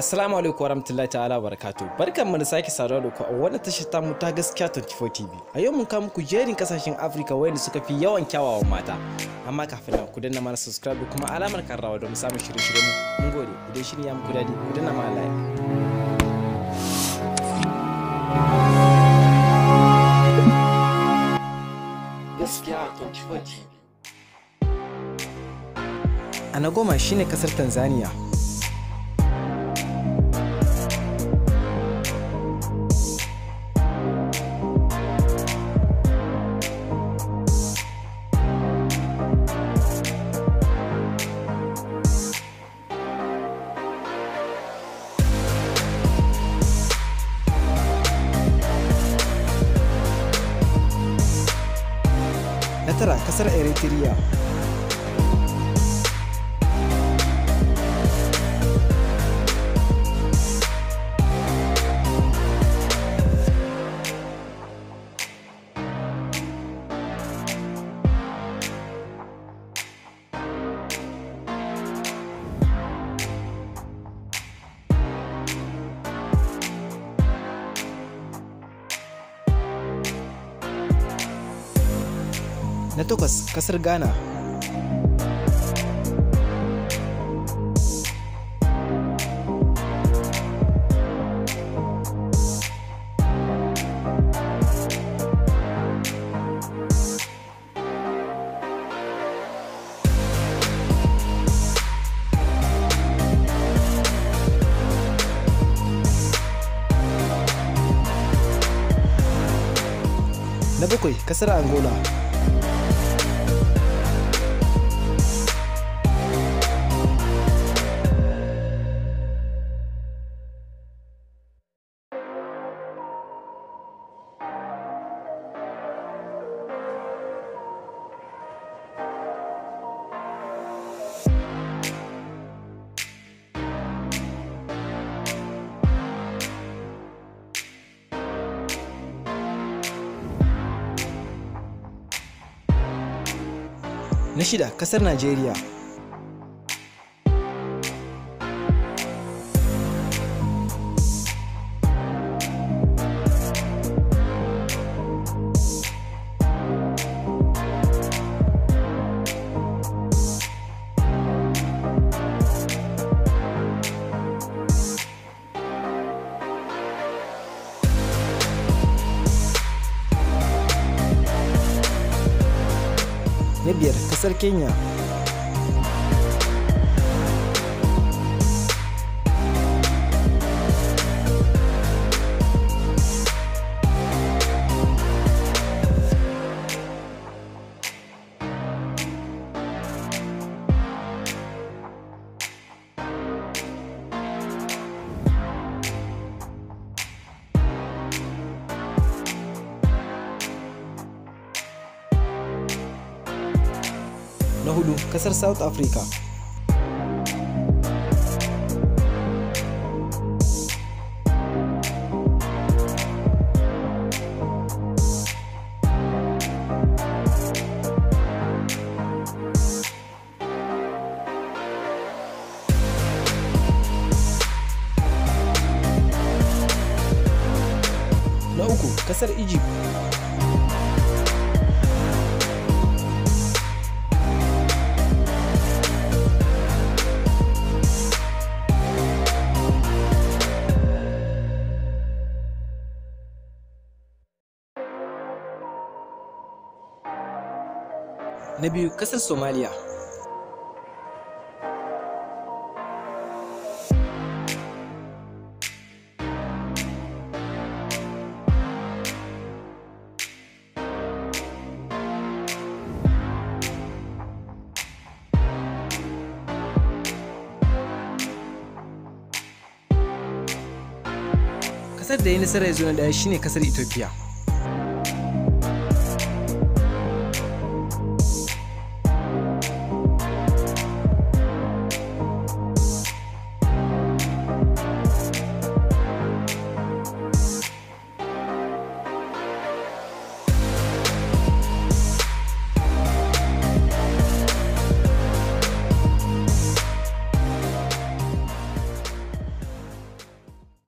Assalamu alaikum warahmatullahi ta'ala barakatu. Barkan mu da sake saduwa da ku a wannan tashar ta mu ta gaskiya 24 TV. A yau mun kawo muku jerin kasashen Afirka wayanda suka fi yawan kyawawan mata. Amma kafin nan ku danna mana subscribe kuma alamar karrawa don samun shirye-shiryen mu. Mun gode. Idan shirin ya muku dadi, ku danna mana like. Gaskiya 24 TV. A na goma shine kasar Tanzania. tara kasar eritrea na tukas kasar Ghana. na bakwai kasar Na shida, kasar Najeriya. na biyar kasar kenya na hudu kasar south africa na uku kasar egypt na biyu kasar somaliya kasar da ya nasara ya zo na daya shine kasar ethiopia